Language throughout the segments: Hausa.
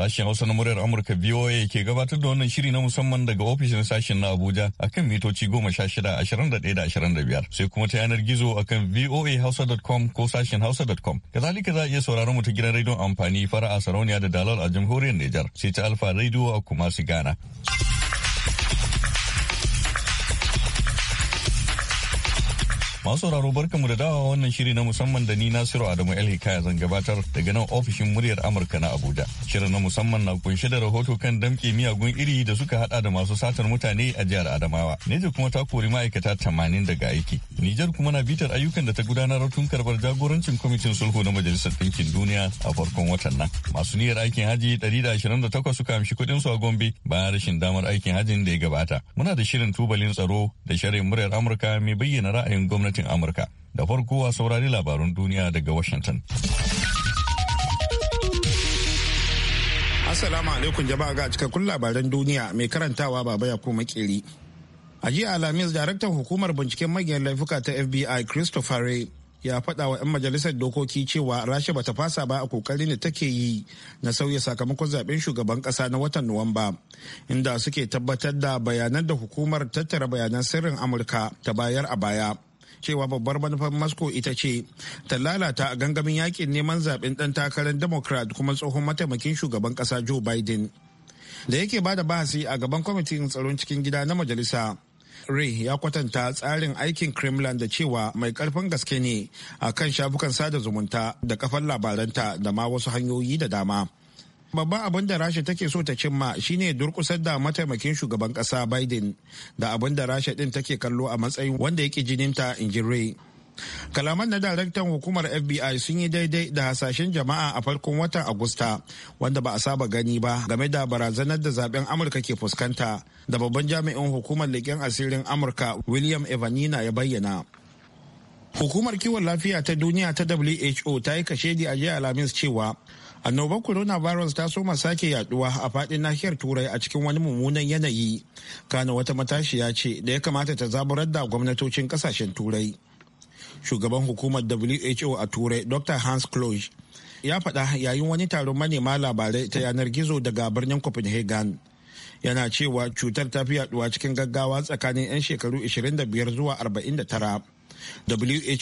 Sashen Hausa na muryar Amurka VOA ke gabatar da wannan shiri na musamman daga ofishin sashen na Abuja a kan mitoci goma sha shida ashirin da da ashirin da biyar sai kuma ta yanar gizo akan voahausa.com ko sashen hausa.com. Kazalika za a iya sauraron mu ta gidan rediyon amfani fara a sarauniya da dalal a jamhuriyar Nijar sai ta Alfa rediyo a kuma su gana Masu sauraro barkanmu da dawa wannan shiri na musamman da ni Nasiru Adamu El Hikaya zan gabatar daga nan ofishin muryar Amurka na Abuja. Shirin na musamman na kunshe da rahoto kan damke miyagun iri da suka hada da masu satar mutane a jihar Adamawa. Neja kuma ta kori ma'aikata tamanin daga aiki. Nijar kuma na bitar ayyukan da ta gudanar tun karbar jagorancin kwamitin sulhu na Majalisar Ɗinkin Duniya a farkon watan nan. Masu niyyar aikin haji takwas suka amshi kuɗin su a Gombe bayan rashin damar aikin hajin da ya gabata. Muna da shirin tubalin tsaro da shirin muryar Amurka mai bayyana ra'ayin gwamnati gwamnatin Amurka. Da farko a saurari labarun duniya daga Washington. Assalamu alaikum jama'a ga cikakkun labaran duniya mai karantawa baba ya kuma makeri. A jiya Alhamis daraktan hukumar binciken manyan laifuka ta FBI Christopher Ray ya faɗa wa 'yan majalisar dokoki cewa rasha bata fasa ba a kokarin da take yi na sauya sakamakon zaben shugaban ƙasa na watan nuwamba inda suke tabbatar da bayanan da hukumar tattara bayanan sirrin amurka ta bayar a baya cewa babbar manufar moscow ita ce ta lalata a gangamin yakin neman zaben dan takarar democrat kuma tsohon mataimakin shugaban kasa joe biden da yake ba da bahasi a gaban kwamitin tsaron cikin gida na majalisa ray ya kwatanta tsarin aikin kremlin da cewa mai karfin gaske ne a kan shafukan sada zumunta da kafar labaranta da ma wasu hanyoyi da dama Babban abin da Rasha take so ta cimma shine durkusar da mataimakin shugaban kasa Biden da abin da Rasha din take kallo a matsayin wanda yake jininta in ji Ray. Kalaman na daraktan hukumar FBI sun yi daidai da hasashen jama'a a farkon watan Agusta wanda ba a saba gani ba game da barazanar da zaben Amurka ke fuskanta da babban jami'in hukumar leƙen asirin Amurka William Evanina ya bayyana. Hukumar kiwon lafiya ta duniya ta WHO ta yi kashedi a jiya Alhamis cewa annobar coronavirus ta soma sake yaduwa a fadin nahiyar turai a cikin wani mummunan yanayi kana wata matashiya ce da ya kamata ta zaburar da gwamnatocin kasashen turai shugaban hukumar who a turai dr hans kloge ya faɗa yayin wani taron manema labarai ta yanar gizo daga birnin copenhagen yana cewa cutar ta fi yaduwa cikin gaggawa tsakanin 'yan shekaru 25 zuwa 49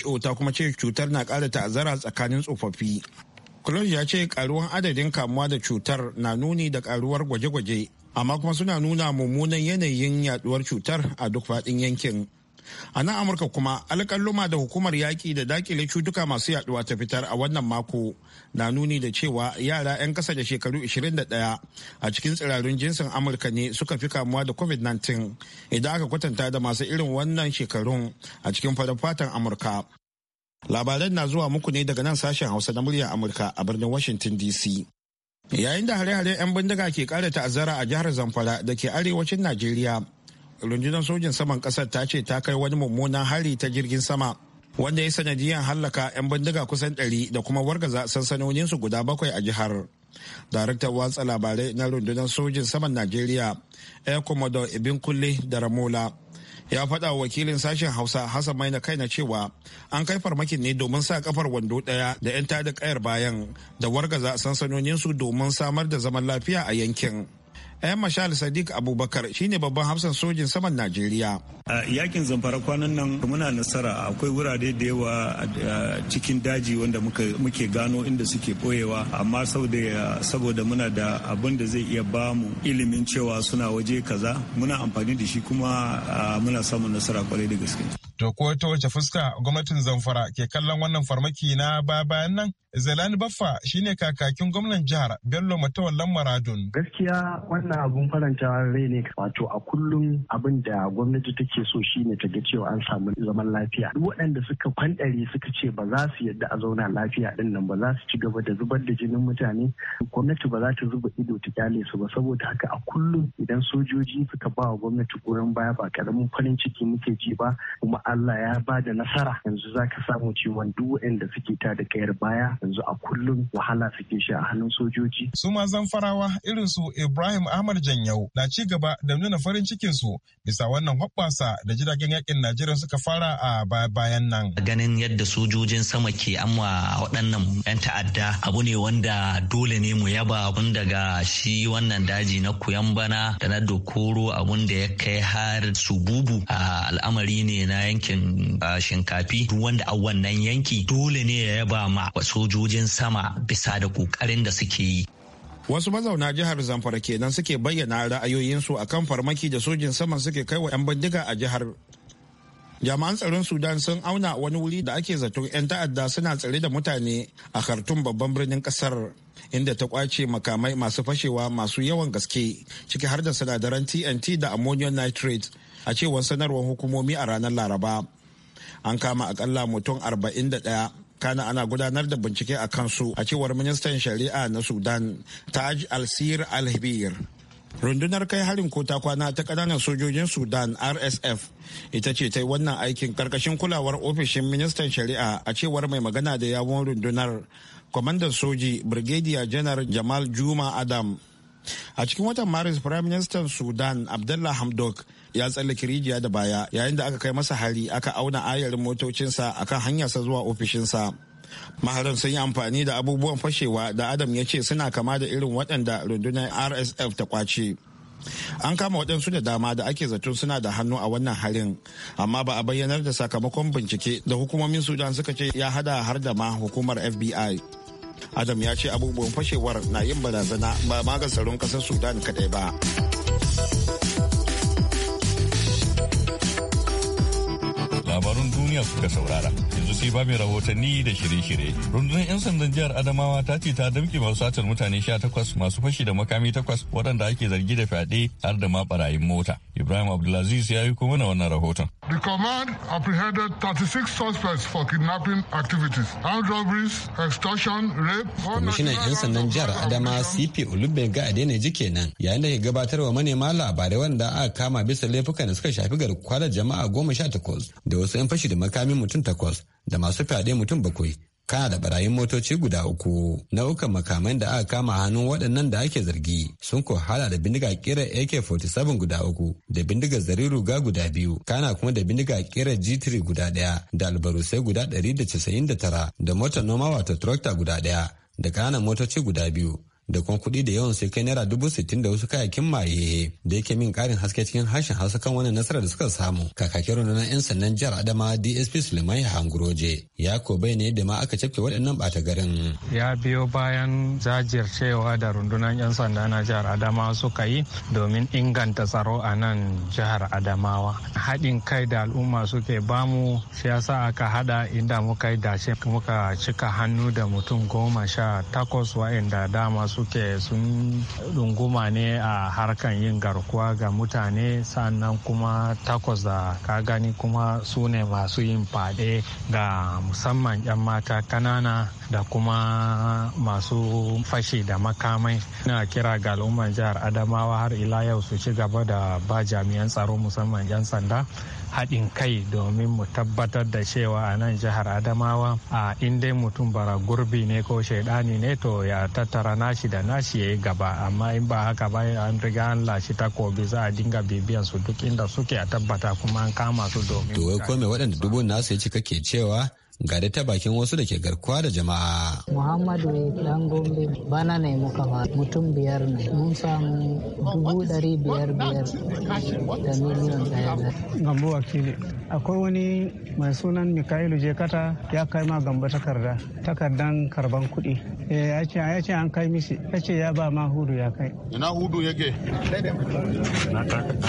who ta kuma ce cutar na ƙara ta'azzara tsakanin tsofaffi Kulon ya ce karuwar adadin kamuwa da cutar na nuni da karuwar gwaje-gwaje, amma kuma suna nuna mummunan yanayin yaduwar cutar a duk faɗin yankin. A nan Amurka kuma alƙalluma da hukumar yaƙi da dakile cutuka masu yaduwa ta fitar a wannan mako na nuni da cewa yara 'yan ƙasa da shekaru 21 a cikin tsirarun jinsin Amurka ne suka fi kamuwa da COVID-19 idan aka kwatanta da masu irin wannan shekarun a cikin fatan Amurka. Labaran na zuwa muku ne daga nan sashen Hausa na muryar Amurka a birnin Washington DC. Yayin da hare-hare 'yan bindiga ke ƙara ta'azzara a jihar Zamfara da ke arewacin Najeriya, rundunar sojin saman ƙasar ta ce ta kai wani mummunan hari ta jirgin sama wanda ya sanadiyar hallaka 'yan bindiga kusan 100 da kuma wargaza su guda bakwai a jihar. daraktar watsa labarai na rundunar sojin saman najeriya air commodore ibin kulle da ramola ya faɗa wakilin sashen hausa hassan maina na cewa an kai farmakin ne domin sa kafar wando ɗaya da 'yan tada kayar bayan da wargaza sansanoninsu domin samar da zaman lafiya a yankin yan Mashal Sadiq Abubakar shine babban hafsan sojin saman Najeriya. A yakin zamfara kwanan nan muna nasara akwai wurare da yawa cikin daji wanda muke gano inda suke boyewa amma saboda muna da abin da zai iya ba mu ilimin cewa suna waje kaza muna amfani da shi kuma muna samun nasara kwarai da gaske. To ko ta wace fuska gwamnatin Zamfara ke kallon wannan farmaki na ba bayan nan? Zelani Baffa shine kakakin gwamnan jihar Bello Matawan Maradun. Gaskiya wannan abun faranta rai ne wato a kullum abin da gwamnati take so shine ta ga cewa an samu zaman lafiya. Duk waɗanda suka kwandare suka ce ba za su yadda a zauna lafiya din nan ba za su ci gaba da zubar da jinin mutane. Gwamnati ba za ta zuba ido ta kyale su ba saboda haka a kullum idan sojoji suka ba wa gwamnati goyon baya ba karamin farin ciki muke ji ba kuma Allah ya ba da nasara yanzu za ka samu ciwon duk waɗanda suke ta da kayar baya yanzu a kullum wahala suke shi a hannun sojoji. Su ma zamfarawa irin su Ibrahim Ahmad Janyau na ci gaba da nuna farin cikin su bisa wannan hoɓɓasa da jiragen yakin Najeriya suka fara a bayan nan. Ganin yadda sojojin sama ke amma waɗannan 'yan ta'adda abu ne wanda dole ne mu yaba abun daga shi wannan daji na bana da na Dokoro abun da ya kai har Sububu a al'amari ne na yankin ah, shinkafi duk wanda a wannan yanki dole ne ya yaba ma sojojin sama bisa da kokarin da suke yi wasu mazauna jihar zamfara kenan suke bayyana ra'ayoyinsu akan farmaki da sojin saman suke kai wa 'yan bindiga a jihar jami'an tsaron sudan sun auna wani wuri da ake zato 'yan ta'adda suna tsare da mutane a khartoum babban birnin kasar inda ta kwace makamai masu fashewa masu yawan gaske ciki har da sinadaran tnt da ammonium nitrate a cewar sanarwar hukumomi a ranar laraba an kama akalla mutum 41 kana ana gudanar da bincike a kansu a cewar ministan shari'a na sudan taj al-sir al-hibir rundunar kai harin kota kwana ta kananan sojojin sudan rsf ita ce ta yi wannan aikin karkashin kulawar ofishin ministan shari'a a cewar mai magana da yawon rundunar kwamandan soji brigadier janar jamal juma adam a cikin watan maris prime minister sudan abdullah hamdok ya tsallake rijiya da baya yayin da aka kai masa hari aka auna ayarin motocinsa akan hanyarsa zuwa ofishinsa maharan sun yi amfani da abubuwan fashewa da adam ya ce suna kama da irin waɗanda rundunar rsf ta kwace an kama waɗansu da dama da ake zaton suna da hannu a wannan harin amma ba a bayyanar da sakamakon bincike da hukumomin sudan suka ce ya hada har da ma hukumar fbi adam ya ce abubuwan fashewar na yin barazana ba ma ga tsaron ƙasar sudan kaɗai ba labarun duniya suka saurara yanzu sai ba mai rahotanni da shirye-shirye rundunar 'yan sandan jihar adamawa ta ce ta damƙe masu satar mutane sha takwas masu fashi da makami takwas waɗanda ake zargi da fyaɗe har da ma barayin mota ibrahim abdulaziz ya yi kuma na wannan rahoton the command apprehended 36 suspects for kidnapping activities armed robberies extortion rape kwamishinan 'yan sandan jihar adama cp olubenga jike kenan yayin da ke gabatarwa manema labarai wanda aka kama bisa laifukan da suka shafi garkuwa da jama'a goma sha takwas da wasu 'yan fashi da makamin mutum takwas da masu fyaɗe mutum bakwai kana da barayin motoci guda uku nau'ukan makaman da aka kama hannun waɗannan da ake zargi sun ko hala da bindiga kera ak-47 guda uku da bindigar zariru ga guda biyu kana kuma da bindiga kera g3 guda ɗaya da albarusai guda 199 da motar noma wato tractor guda ɗaya da kananan motoci guda biyu da kuma kuɗi da yawan sai kai naira dubu sittin da wasu kayakin maye da yake min ƙarin haske cikin harshen hausa kan wannan nasarar da suka samu kakakin rundunar 'yan sandan jihar adama dsp suleiman hangroje ya ko bai ne da ma aka cafke waɗannan ɓata garin. ya biyo bayan jajircewa da rundunar 'yan sanda na jihar adama suka yi domin inganta tsaro a nan jihar adamawa haɗin kai da al'umma suke bamu shi yasa aka haɗa inda muka yi dashe muka cika hannu da mutum goma sha takwas wa'inda dama su suke sun runguma ne a harkan yin garkuwa ga mutane sannan kuma takwas da ka gani kuma su ne masu yin fade ga musamman 'yan mata kanana da kuma masu fashi da makamai na kira ga al'umman jihar adamawa har ila yau su ci gaba da ba jami'an tsaro musamman 'yan sanda haɗin kai domin mu tabbatar da cewa a nan jihar adamawa a inda mutum bara gurbi ne ko shaidani ne to ya tattara nashi nashi da nashi ya yi gaba amma in ba haka ba an riga an lashe takobi za a dinga bibiyan su duk inda suke a tabbata kuma an kama su domin. To wai kome waɗanda dubun nasu ya ci kake cewa ga da ta bakin wasu da ke garkuwa da jama'a. Muhammadu dan Gombe bana ne muka ba mutum biyar ne mun samu dubu dari biyar biyar da miliyan ɗaya. Gambo wakili akwai wani mai sunan Mikailu Jekata ya kai ma Gambo takarda takardan karban kuɗi. Eh, ya ce ya ce an kai mishi ya ce ya ba ma hudu ya kai. Ina hudu yake? Na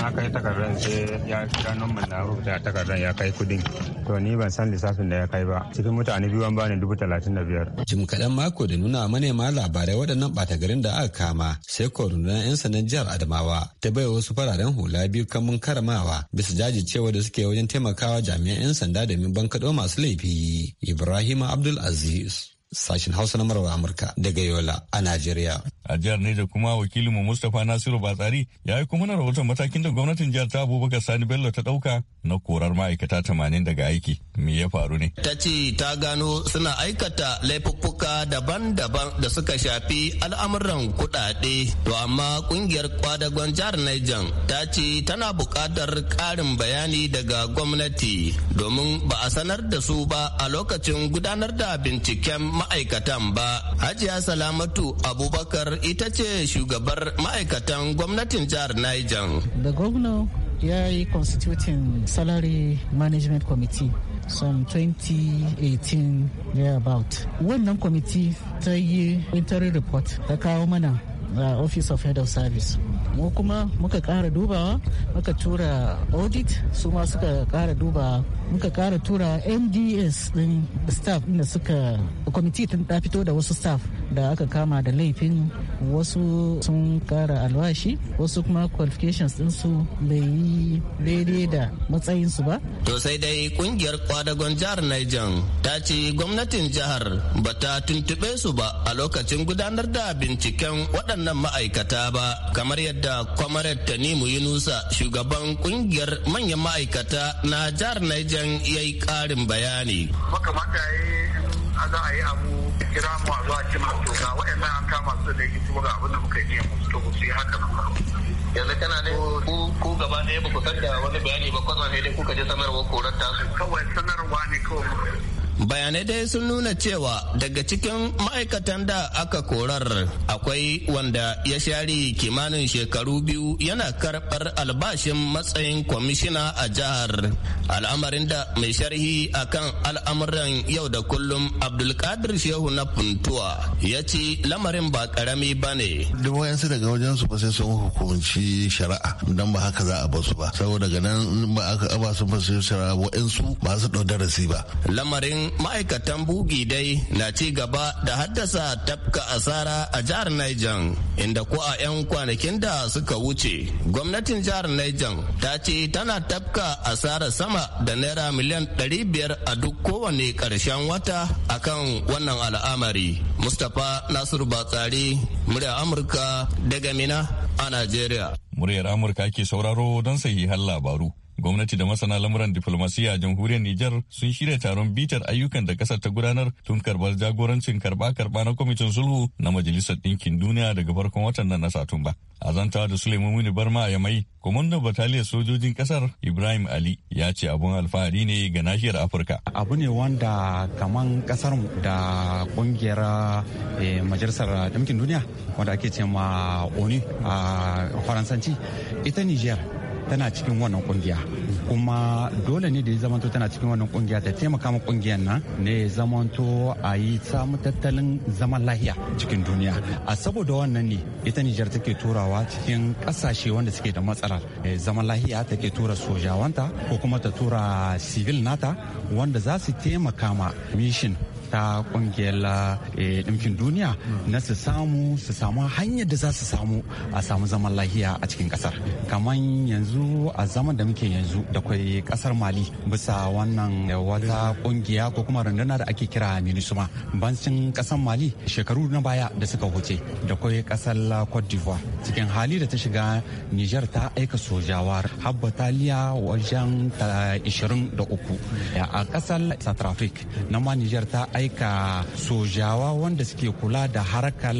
kai takardan sai ya kira nan na rubuta takardan ya kai kuɗin. To ni ban san lissafin da ya kai ba cikin mutane biyu an bani dubu talatin da biyar. jim kaɗan mako da nuna manema labarai waɗannan ɓata garin da aka kama sai ko rundunar 'yan sandan jihar adamawa ta bai wasu fararen hula biyu kamun karamawa bisa jajircewa da suke wajen taimakawa jami'an 'yan sanda da domin bankaɗo masu laifi ibrahim abdul aziz sashen hausa na marar amurka daga yola a najeriya a jihar Neja kuma wakilinmu Mustapha Nasiru Batsari ya yi kuma na rahoton matakin da gwamnatin jihar ta Abubakar Sani Bello ta ɗauka na korar ma'aikata tamanin daga aiki. Me ya faru ne? Ta ce ta gano suna aikata laifuffuka daban-daban da suka shafi al'amuran kuɗaɗe. To amma ƙungiyar kwadagon jihar Niger ta ce tana buƙatar ƙarin bayani daga gwamnati domin ba a sanar da su ba a lokacin gudanar da binciken ma'aikatan ba. Hajiya Salamatu Abubakar ita ce shugabar ma'aikatan gwamnatin jihar Niger. The governor ya yi constituting salary management committee some 2018 about Wannan committee ta yi interim report ta kawo mana uh, office of head of service mu kuma muka kara dubawa muka tura audit su ma suka kara dubawa muka kara tura mds din staff da suka kwamiti ta fito da wasu staff da aka kama da laifin wasu sun kara alwashi wasu kuma qualifications su bai yi daidai da matsayinsu ba to sai dai kungiyar kwadagon jihar niger ta ce gwamnatin jihar ba ta tuntube su ba a lokacin gudanar da binciken waɗannan ma'aikata ba kamar yadda kwamarar tanimu yunusa shugaban kungiyar manyan ma'aikata na jihar niger idan iya yi ƙarin bayani. Makamata ya za a yi abu kira mu a zuwa kima to ga waɗannan an kama su da yake kuma ga abin da muka yi musu to su yi haka yanzu kana ne ku gaba ɗaya ba ku san da wani bayani ba kwanan ne dai kuka je sanarwar korar tasu kawai bayanai dai sun nuna cewa daga cikin ma'aikatan da aka korar akwai wanda ya shari kimanin shekaru biyu yana karɓar albashin matsayin kwamishina a jihar al'amarin da mai sharhi akan al'amuran yau da kullum abdulkadir shehu na puntuwa ya ce lamarin ba karami ba ne daga wajen su ba sun hukunci shari'a don ba haka za a basu ba saboda ganin ba su ba sai shari'a ba su ɗau darasi ba lamarin ma'aikatan bugi dai na ci gaba da haddasa tafka asara a jihar Niger, inda ko a 'yan kwanakin da suka wuce, gwamnatin jihar Niger ta ce tana tafka asara sama da naira miliyan 500 a duk kowane ƙarshen wata akan wannan al'amari. Mustapha Nasiru Batsari, murya Amurka daga Mina a Najeriya. Muryar Amurka ke sauraro don sahihan labaru. Gwamnati da masana lamuran diflomasiyya a jamhuriyar Nijar sun shirya taron bitar ayyukan da kasar ta gudanar tun karbar jagorancin karba karba na kwamitin sulhu na Majalisar Ɗinkin Duniya daga farkon watan nan na Satumba. A zantawa da Suleiman Muni Barma ya mai, kwamandan bataliyar sojojin kasar Ibrahim Ali ya ce abun alfahari ne ga nahiyar Afirka. Abu ne wanda kaman kasar mu da kungiyar eh, Majalisar Ɗinkin Duniya wanda ake ce ma ONU a Faransanci ita Nijar tana cikin wannan kungiya kuma dole ne da ya zamanto tana cikin wannan kungiya ta taimaka ma kungiyar nan ne ya zamanto a yi samu tattalin zaman lahiya cikin duniya a saboda wannan ne ita Nijar take turawa cikin kasashe wanda suke da matsalar eh, zaman lahiya take tura sojawanta ko kuma ta tura civil nata wanda za su taimaka ma mishin ta kungiyar eh, ɗinkin duniya na su samu su samu hanyar da za su samu a samu zaman lahiya a cikin kasar kamar yanzu a zaman da muke yanzu da kwai kasar mali bisa wannan eh, wata kungiya ko kuma runduna da ake kira minisuma bancin kasar mali shekaru na baya da suka huce da kwai kasar cote d'ivoire cikin hali da ta shiga niger ta aika sojawa har bataliya wajen 23 eh, a kasar south africa na ma niger ta aika sojawa wanda suke kula da harkar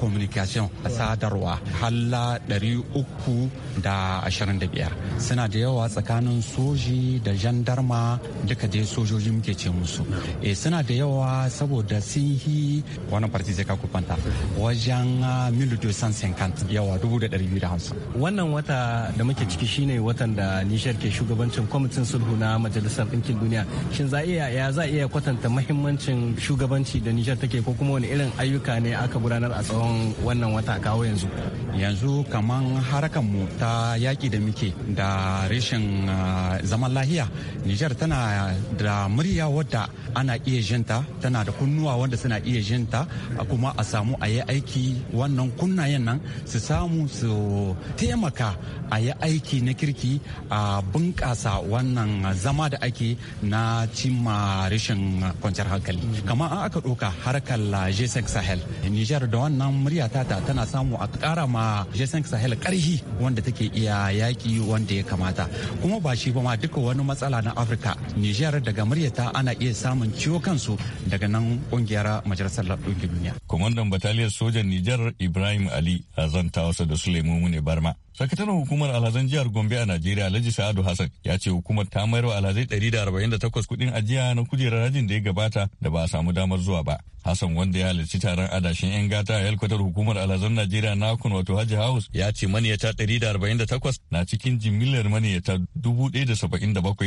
communication a sadarwa halla 325 suna da yawa tsakanin soji da jandarma duka dai sojoji muke ce musu e suna da yawa saboda sun yi wani farti zai ka kwanta wajen 1250 ah, yawa 1250 wannan wata da muke ciki shine watan da nishar ke shugabancin kwamitin sulhu na majalisar ɗinkin duniya shin za iya ya za iya kwatanta mahimmancin shugabanci da Nijar take ko kuma wani irin ayyuka ne aka gudanar a tsawon wannan wata kawo yanzu. Yanzu kaman harakan mu ta yaƙi da muke da rashin ah, zaman lahiya Nijar tana da murya wadda ana iya jinta tana da kunnuwa wanda suna iya jinta kuma a samu a yi aiki wannan kunnayen nan su samu su taimaka a yi aiki na kirki a bunƙasa wannan zama da ake na cimma rashin kwanciyar hankali. kamar an aka ɗauka harkar la g Sahel Niger da wannan murya tata tana samu a ƙara ma g Sahel ƙarhi wanda take iya yaƙi wanda ya kamata kuma ba shi ba ma duka wani matsala na Afirka Niger daga muryata ana iya samun ciwo kansu daga nan ƙungiyar majalisar ɗinkin duniya. Kwamandan bataliyar sojan niger Ibrahim Ali a zanta wasa da Suleiman Mune Barma Sakataren hukumar alhazan jihar Gombe a Najeriya Alhaji Sa'adu Hassan ya ce hukumar ta mayar wa alhazai 148 kuɗin ajiya na kujerar rajin da ya gabata da ba a samu damar zuwa ba. Hassan wanda ya halarci taron adashin 'yan gata a yalkwatar hukumar alhazan Najeriya na kun wato Haji House ya ce maniyata 148 na cikin jimillar maniyata ɗaya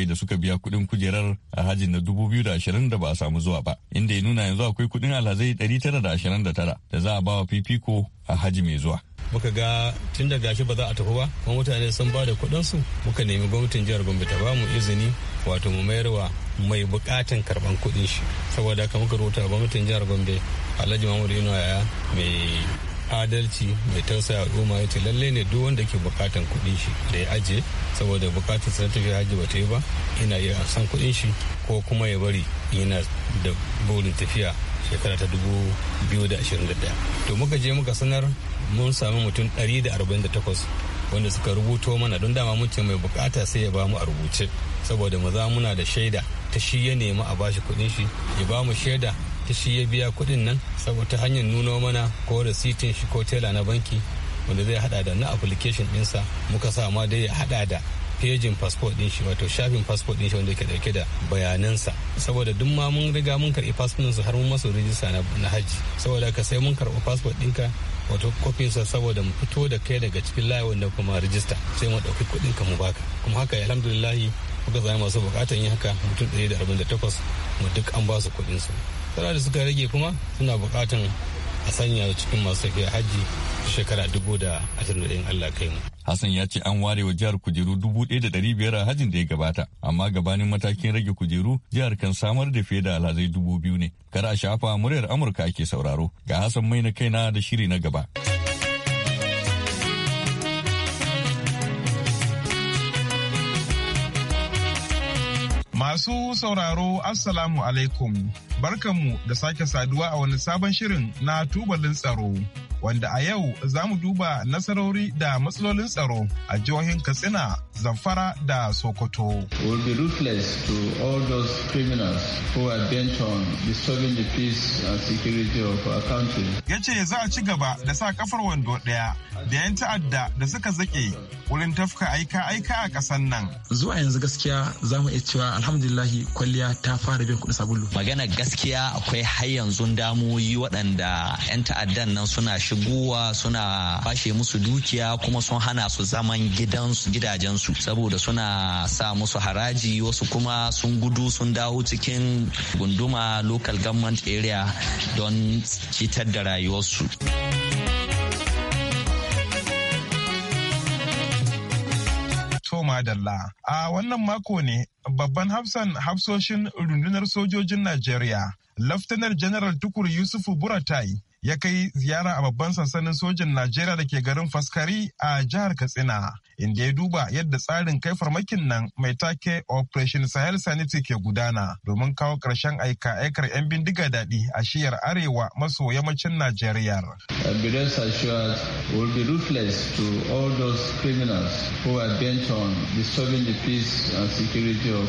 da suka biya kuɗin kujerar a hajin na 2020 da ba a samu zuwa ba. Inda ya nuna yanzu akwai kuɗin alhazai 929 da za a ba wa fifiko a haji mai zuwa. muka ga tun da gashi ba za a tafi ba kuma mutane sun ba da kuɗinsu muka nemi gwamnatin jihar gombe ta ba mu izini wato mu mayarwa mai bukatan karban kuɗin shi saboda haka muka rubuta gwamnatin jihar gombe alhaji mahmud inu yaya mai adalci mai tausaya al'umma ya ce lallai ne duk wanda ke bukatan kuɗin shi da ya aje saboda bukatar sa tafi hajji ba ta yi ba yana iya san kuɗin shi ko kuma ya bari yana da burin tafiya shekara ta dubu biyu da ashirin da daya to muka je muka sanar mun sami mutum 148 wanda suka rubuto mana don dama mun ce mai bukata sai ya ba mu a rubuce saboda maza muna da shaida ta shi ya nemi a bashi kuɗin shi ya mu shaida ta shi ya biya kuɗin nan saboda ta hanyar nuno mana ko rasitin shi ko tela na banki wanda zai hada da na application dinsa muka sa ma dai ya hada da pejin passport din shi wato shafin passport din shi wanda ke dauke da bayanansa saboda duk ma mun riga mun karbi passport su har mun masu rijista na hajji saboda ka sai mun karbi passport ka wato kofin sa saboda mu fito da kai daga cikin layi wanda kuma rijista sai mu ɗauki kuɗin ka mu baka kuma haka alhamdulillah muka zama masu bukatan yin haka mutum ɗari da arba'in da takwas mu duk an ba su kuɗin su. Sara da suka rage kuma suna bukatan a sanya cikin masu tafiya hajji shekara dubu da ashirin da Allah kai mu. Hassan ya ce an ware wa jihar kujeru dubu ɗaya da ɗari biyar a hajjin da ya gabata, amma gabanin matakin rage kujeru jihar kan samar da fiye da alhazai dubu biyu ne. Kar a shafa muryar Amurka ake sauraro ga Hassan mai na kaina da shiri na gaba. Masu sauraro, Assalamu alaikum. Barkanmu da sake saduwa a wani sabon shirin na tubalin tsaro, wanda a yau za mu duba nasarori da matsalolin tsaro a jihohin Katsina, Zamfara da Sokoto. We'll be ruthless to all those criminals who are bent on disturbing the peace and security of our country. Ya za a ci gaba da sa kafar wando ɗaya da 'yan ta'adda da suka zake wurin tafka aika-aika a ƙasar nan. Zuwa yanzu gaskiya za mu iya cewa alhamdulillahi kwalliya ta fara biyan kuɗi sabulu. Magana gaskiya akwai har yanzu damoyi waɗanda 'yan ta'addan nan suna shigowa suna bashe musu dukiya kuma sun hana su zaman gidansu gidajensu saboda suna sa musu haraji wasu kuma sun gudu sun dawo cikin gunduma local government area don citar da rayuwarsu. A wannan mako ne babban hafsan hafsoshin rundunar sojojin Najeriya, Laftanar General Tukur Yusufu Buratai ya kai ziyara a babban sansanin sojin Najeriya da ke garin Faskari a jihar Katsina. inda ya duba yadda tsarin kai farmakin nan mai take operation sahel sanity ke gudana domin kawo ƙarshen aika aikar 'yan bindiga daɗi a shiyar arewa maso yammacin najeriya will be to all those criminals who are bent on and security of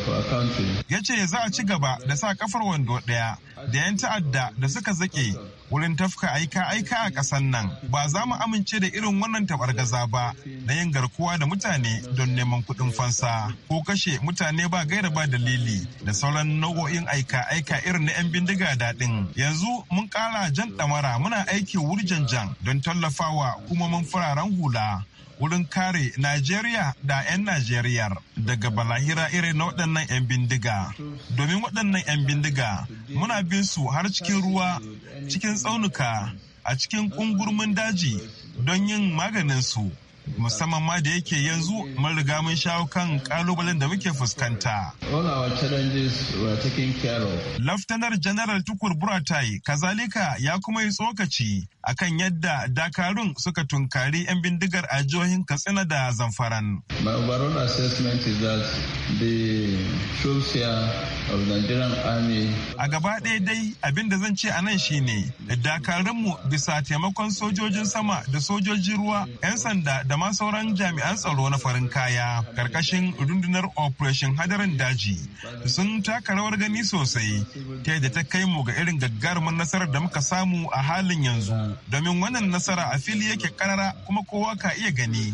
Ya ce za a ci gaba da sa kafar wando ɗaya da 'yan ta'adda da suka zake wurin tafka aika-aika a ƙasar nan ba za mu amince da irin wannan tabargaza ba na yin garkuwa da mutane don neman kuɗin fansa ko kashe mutane ba gaira ba dalili da sauran nau'o'in aika-aika irin na 'yan bindiga daɗin yanzu mun ƙara jan ɗamara muna aiki jan don tallafawa kuma mun fararen hula wurin kare Najeriya da 'yan Najeriyar daga balahira irin na waɗannan 'yan bindiga. Domin waɗannan 'yan bindiga muna bin su har cikin ruwa, cikin tsaunuka, a cikin ƙungurmin daji don yin maganin su. musamman ma da yake yanzu mun riga mun shawo kan kalubalen da muke fuskanta. Laftanar Janaral Tukur Buratai kazalika ya kuma yi tsokaci akan yadda dakarun suka tunkari 'yan bindigar a jihohin Katsina da Zamfaran. My overall assessment is that the troops here A gaba ɗaya dai abin da zan ce a nan ne, mu bisa taimakon sojojin sama da sojojin ruwa, 'yan sanda da ma sauran jami'an tsaro na farin kaya karkashin rundunar Operation Hadarin Daji sun taka rawar gani sosai ta yadda ta kai mu ga irin gaggarmar nasarar da muka samu a halin yanzu domin wannan nasara a fili yake karara kuma kowa ka iya gani.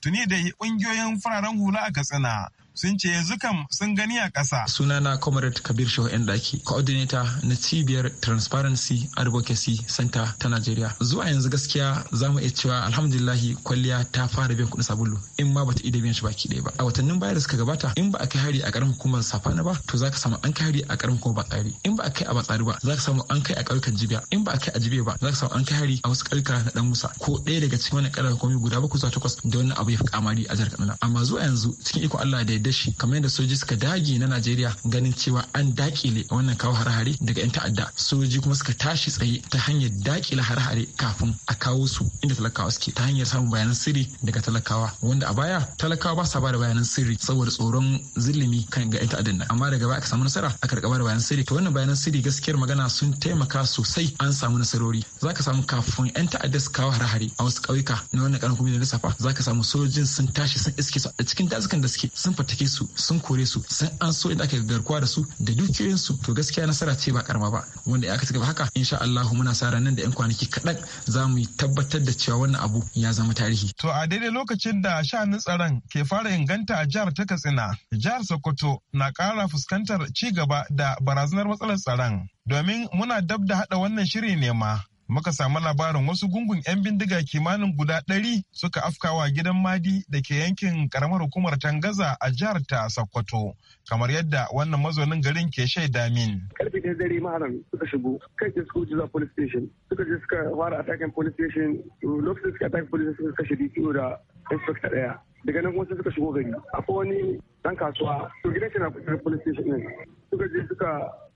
Tuni da ƙungiyoyin fararen hula a Katsina sun ce yanzu kam sun gani a ƙasa. Sunana Comrade Kabir Shehu ‘yan ɗaki, coordinator na cibiyar Transparency Advocacy Center ta Najeriya. Zuwa yanzu gaskiya za mu iya cewa alhamdulillahi kwalliya ta fara biyan kuɗin sabulu in ma bata ida biyan shi baki ɗaya ba. A watannin baya da suka gabata in ba a kai hari a ƙaramar hukumar Safana ba to za ka samu an kai hari a ƙaramar hukumar Batsari. In ba a kai a Batsari ba za ka samu an kai a ƙauyukan Jibiya. In ba a kai a Jibiya ba za ka samu an kai hari a wasu ƙauyuka na ɗan Musa ko ɗaya daga cikin wani ƙarar komai guda bakwai zuwa takwas da wani abu ya fi kamari a jihar Kaduna. Amma zuwa yanzu cikin iko Allah da yarda shi kamar yadda soji suka dage na Najeriya ganin cewa an dakile wannan kawo harhare daga 'yan ta'adda soji kuma suka tashi tsaye ta hanyar dakile harhare kafin a kawo su inda talakawa suke ta hanyar samun bayanan sirri daga talakawa wanda a baya talakawa ba sa ba bayanan sirri saboda tsoron zulumi kan ga 'yan ta'adda nan amma daga baya aka samu nasara aka rika ba bayanan sirri to wannan bayanan sirri gaskiyar magana sun taimaka sosai an samu nasarori zaka samu kafin 'yan ta'adda su kawo harhare a wasu ƙauyuka na wannan ƙaran kuma da lissafa zaka samu sojin sun tashi sun iske su a cikin dazukan da suke sun fita fatattake su sun kore su sun an so inda aka garkuwa da su da dukiyoyinsu su to gaskiya nasara ce ba karama ba wanda aka cigaba haka insha Allah muna sa ranan da yan kwanaki kaɗan za mu tabbatar da cewa wannan abu ya zama tarihi. To a daidai lokacin da sha'anin tsaron ke fara inganta a jihar ta Katsina, jihar Sokoto na kara fuskantar ci gaba da barazanar matsalar tsaron. Domin muna dab da hada wannan shiri ne ma muka samu labarin wasu gungun 'yan bindiga kimanin guda ɗari suka afkawa gidan madi da ke yankin karamar hukumar tangaza a jihar ta sokoto kamar yadda wannan mazaunin garin ke shaida min. karfi ɗaya dare maharan suka shigo kai ke suka wuce zuwa police station suka je suka fara attacking police station lokacin suka attack police station suka kashe dpo da inspector ɗaya daga nan kuma suka shigo gari akwai wani dan kasuwa to gidan shi na police station ne suka je suka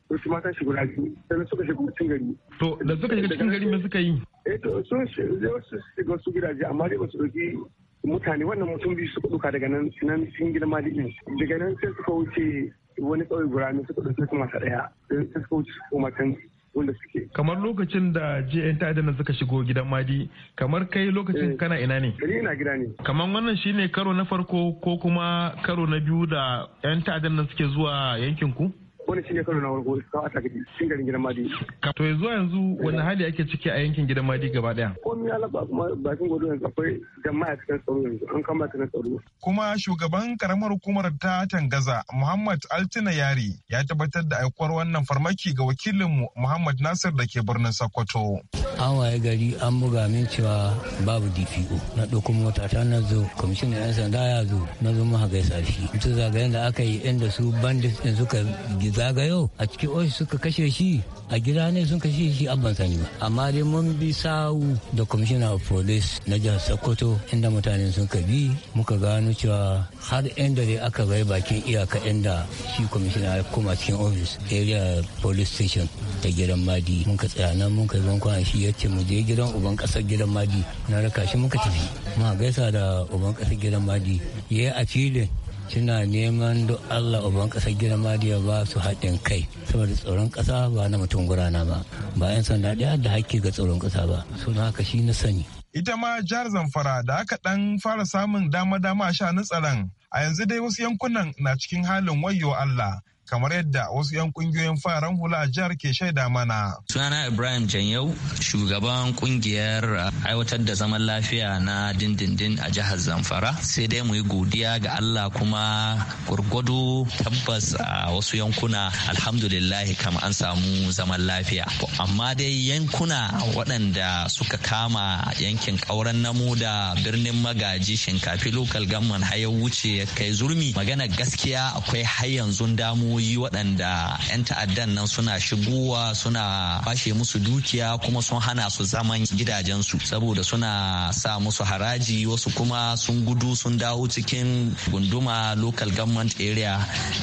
su wasu mata shi guda biyu sannan suka shiga cikin gari. To da suka shiga cikin gari me suka yi? Eh to sun shiga shiga wasu gidaje amma dai ba su ɗauki mutane wannan mutum biyu suka ɗauka daga nan nan cikin girma din daga nan sai suka wuce wani ƙauye guda ne suka ɗauki mata ɗaya sai suka wuce koma can wanda suke. Kamar lokacin da JN ta adana suka shigo gidan Madi, kamar kai lokacin eh. kana ina ne? Ni ina gida ne. Kamar wannan shine karo na farko ko kuma karo na biyu da 'yan ta'adan nan suke zuwa yankin ku? wani shine karo na wani ka a gidi cikin garin gidan madi to yanzu yanzu wani hali ake ciki a yankin gidan madi gaba daya komai alaba kuma bakin godo yanzu akwai jama'a cikin tsaro yanzu an kama cikin tsaro kuma shugaban karamar hukumar ta tangaza Muhammad Altina Yari ya tabbatar da aikuwar wannan farmaki ga wakilinmu Muhammad Nasir da ke birnin Sokoto an waye gari an buga min cewa babu DPO na ɗauko mota ta na zo kwamishinan 'yan sanda ya zo na zo muka gaisa shi mutu zagayen da aka yi inda su bandit din suka gizo zagayo a cikin ofis suka kashe shi a gida ne sun kashe shi abban sani ba amma dai mun bi sawu da commissioner of police na jihar sokoto inda mutane sun ka bi muka gano cewa har inda dai aka bai bakin iyaka inda shi commissioner ya koma cikin ofis area police station ta gidan madi mun ka tsaya nan mun kai bankon shi ya ce mu je gidan uban kasar gidan madi na raka shi muka tafi muka gaisa da uban kasar gidan madi ya yi a filin suna neman duk allah uban ƙasar girma da ya ba su haɗin kai saboda tsoron ƙasa ba na mutum gurana ba ba 'yan sanda ɗaya da haƙƙi ga tsoron ƙasa ba suna haka shi na sani ita ma jihar zamfara da aka ɗan fara samun dama-dama a sha tsaron a yanzu dai wasu yankunan na cikin halin wayo allah kamar yadda wasu 'yan kungiyoyin fararen hula a jihar ke shaida mana. Sunana Ibrahim Janyau, shugaban kungiyar aiwatar da zaman lafiya na dindindin a jihar Zamfara. Sai dai mu yi godiya ga Allah kuma gurgudu tabbas a wasu yankuna alhamdulillahi kama an samu zaman lafiya. Amma dai yankuna waɗanda suka kama yankin ƙauren namu da birnin magaji shinkafi lokal gamman har ya wuce ya kai zurmi magana gaskiya akwai har yanzu damu hanyoyi waɗanda 'yan ta'addan nan suna shigowa suna bashe musu dukiya kuma sun hana su zaman gidajensu saboda suna sa musu haraji wasu kuma sun gudu sun dawo cikin gunduma local government area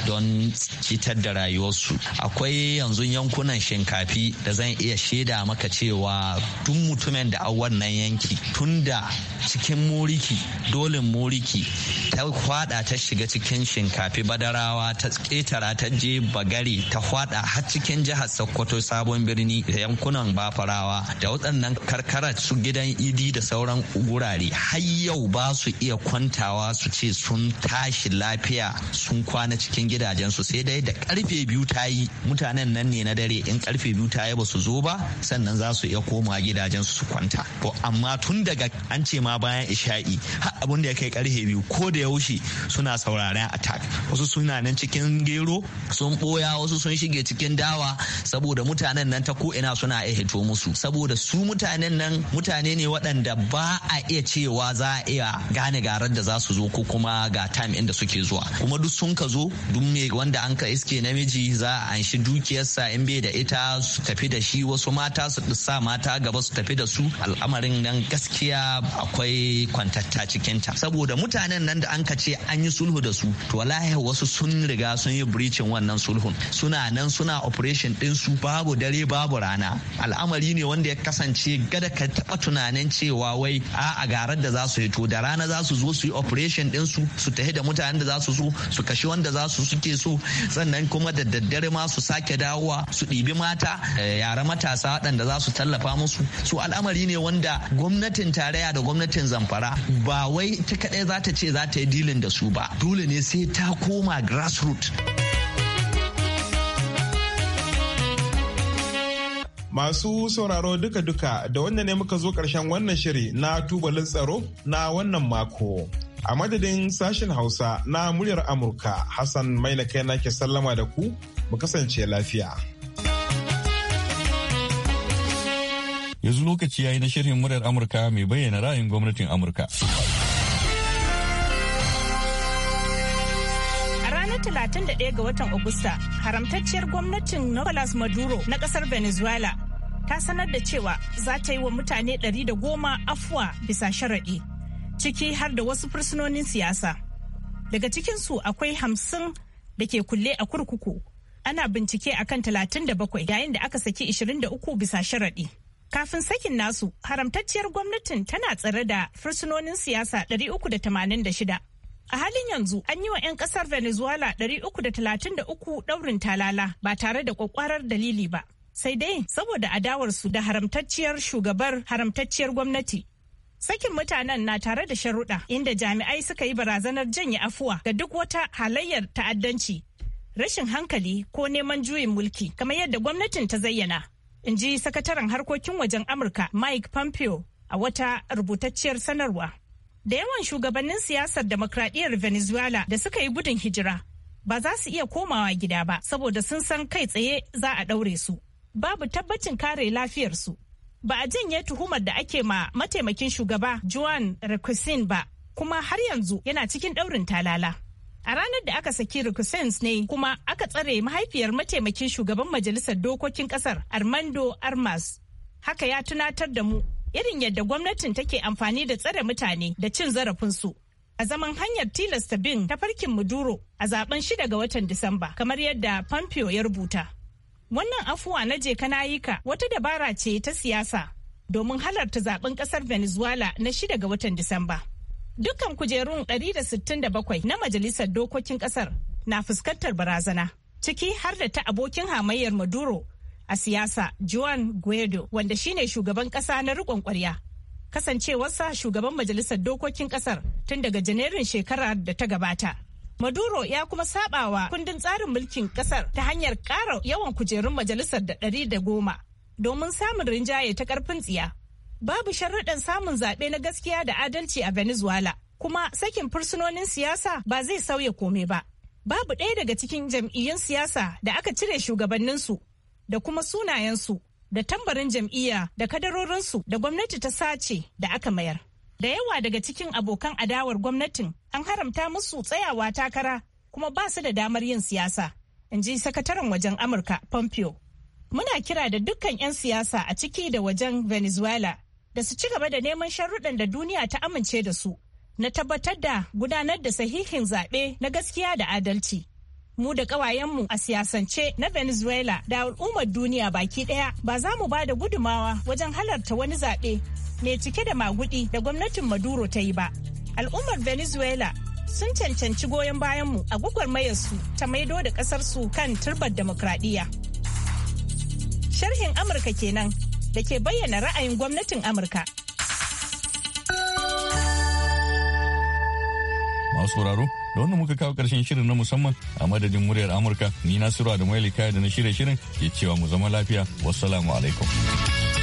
don citar da rayuwarsu akwai yanzu yankunan shinkafi da zan iya shaida maka cewa tun mutumin da awon nan yanki tun da cikin moriki dolin moriki ta kwada ta shiga cikin shinkafi badarawa ta ketara ta ta je bagare ta hwada har cikin jihar sokoto sabon birni da yankunan bafarawa da waɗannan karkara su gidan idi da sauran wurare har yau ba su iya kwantawa su ce sun tashi lafiya sun kwana cikin gidajensu sai dai da karfe biyu ta yi mutanen nan ne na dare in karfe biyu ta yi ba su zo ba sannan za su iya koma gidajensu su kwanta to amma tun daga an ce ma bayan isha'i har abin da ya kai karfe biyu ko da yaushe suna sauraren attack wasu suna nan cikin gero sun ɓoya wasu sun shige cikin dawa saboda mutanen nan ta ko ina suna iya hito musu saboda su mutanen nan mutane ne waɗanda ba a iya cewa za a iya gane garar da za su zo ko kuma ga time inda suke zuwa kuma duk sun ka zo duk me wanda an ka iske namiji za a anshi dukiyarsa in bai da ita su tafi da shi wasu mata su sa mata gaba su tafi da su al'amarin nan gaskiya akwai kwantatta cikinta saboda mutanen nan da an ka ce an yi sulhu da su to wallahi wasu sun riga sun yi breaching operation wannan sulhun suna nan suna operation din su babu dare babu rana al'amari ne wanda ya kasance gada ka taɓa tunanin cewa wai a garar da za su yi to da rana za su zo su yi operation din su su tafi da mutanen da za su zo su kashi wanda za su suke so sannan kuma da daddare ma su sake dawowa su ɗibi mata eh, yara matasa waɗanda za su tallafa musu su al'amari ne wanda gwamnatin tarayya da gwamnatin zamfara ba wai ta kaɗai za ta ce za ta yi dilin da su ba dole ne sai ta koma grassroots Masu sauraro duka-duka da wanda ne muka zo karshen wannan shiri na tubalin tsaro na wannan mako. A madadin sashen Hausa na muryar Amurka, Hassan Maina kai nake sallama da ku, mu kasance lafiya. Yanzu lokaci ya yi na shirin muryar Amurka mai bayyana ra'ayin gwamnatin Amurka. ranar 31 ga watan Agusta, haramtacciyar gwamnatin Nicolas Maduro na ƙasar Venezuela ta sanar da cewa za ta yi wa mutane 110 afuwa bisa sharaɗi ciki har da wasu fursunonin siyasa daga cikinsu akwai hamsin da ke kulle a kurkuku ana bincike akan 37 yayin da aka saki 23 bisa sharaɗi kafin sakin nasu haramtacciyar gwamnatin tana tsare da fursunonin siyasa 386 A halin yanzu an yi wa 'yan kasar Venezuela 333 daurin talala ba tare da kwakwarar dalili ba. sai dai saboda adawarsu da haramtacciyar shugabar haramtacciyar gwamnati Sakin mutanen na tare da sharuɗa inda jami'ai suka yi barazanar janye afuwa ga duk wata halayyar ta'addanci, rashin hankali ko neman juyin mulki kamar yadda gwamnatin ta zayyana. In ji sakataren harkokin wajen Amurka Mike Pompeo a wata rubutacciyar sanarwa. Da yawan shugabannin siyasar demokradiyyar Venezuela da suka yi gudun hijira ba za su iya komawa gida ba saboda sun san kai tsaye za a daure su. babu tabbacin kare lafiyarsu. Ba a janye tuhumar da ake ma mataimakin shugaba Juan Requisin ba, kuma har yanzu yana cikin ɗaurin talala. A ranar da aka saki Requesens ne kuma aka tsare mahaifiyar mataimakin shugaban majalisar dokokin ƙasar Armando Armas. Haka ya tunatar da mu irin yadda gwamnatin take amfani da tsare mutane da cin zarafinsu. a zaman hanyar tilasta bin ta farkin Maduro a zaben shida ga watan Disamba kamar yadda Pompeo ya rubuta. Wannan afuwa na je yi ka wata dabara ce ta siyasa domin halarta zaben kasar Venezuela na shida ga watan Disamba. Dukkan kujerun 167 na Majalisar Dokokin kasar na fuskantar barazana, ciki har da ta abokin hamayyar Maduro a siyasa Juan Guaido wanda shine shugaban kasa na riƙon ƙwarya. Kasancewarsa shugaban Majalisar Dokokin kasar tun daga Janairun shekarar da ta gabata. Maduro ya kuma sabawa kundin tsarin mulkin kasar ta hanyar ƙara yawan kujerun majalisar da ɗari da goma domin samun rinjaye ta ƙarfin tsiya. Babu sharuɗan samun zaɓe na gaskiya da adalci a Venezuela, kuma sakin fursunonin siyasa ba zai sauya kome ba. Babu ɗaya daga cikin jam'iyyun siyasa da aka cire shugabanninsu da kuma sunayensu da tambarin jam'iyya da kadarorinsu da gwamnati ta sace da aka mayar. Da yawa daga cikin abokan adawar gwamnatin an haramta musu tsayawa takara kuma ba su da damar yin siyasa, in ji sakataren wajen Amurka Pompeo. Muna kira da dukkan 'yan siyasa a ciki da wajen Venezuela da su ci gaba da neman sharuɗan da duniya ta amince da su na tabbatar da gudanar da sahihin zaɓe na gaskiya da adalci. mu da ƙawayenmu a siyasance na Venezuela da al'ummar duniya baki ɗaya ba za mu ba da gudumawa wajen halarta wani zaɓe mai cike da magudi da gwamnatin Maduro ta yi ba. Al'ummar Venezuela sun cancanci goyon bayanmu a gwagwarmayarsu ta maido da ƙasarsu kan turbar demokradiyya. Sharhin Amurka kenan da ke bayyana ra'ayin gwamnatin Amurka. masu sauraro da wannan muka kawo karshen shirin na musamman a madadin muryar amurka ni nasiru da mailika da na shirye shirin ke cewa mu zama lafiya wassalamu alaikum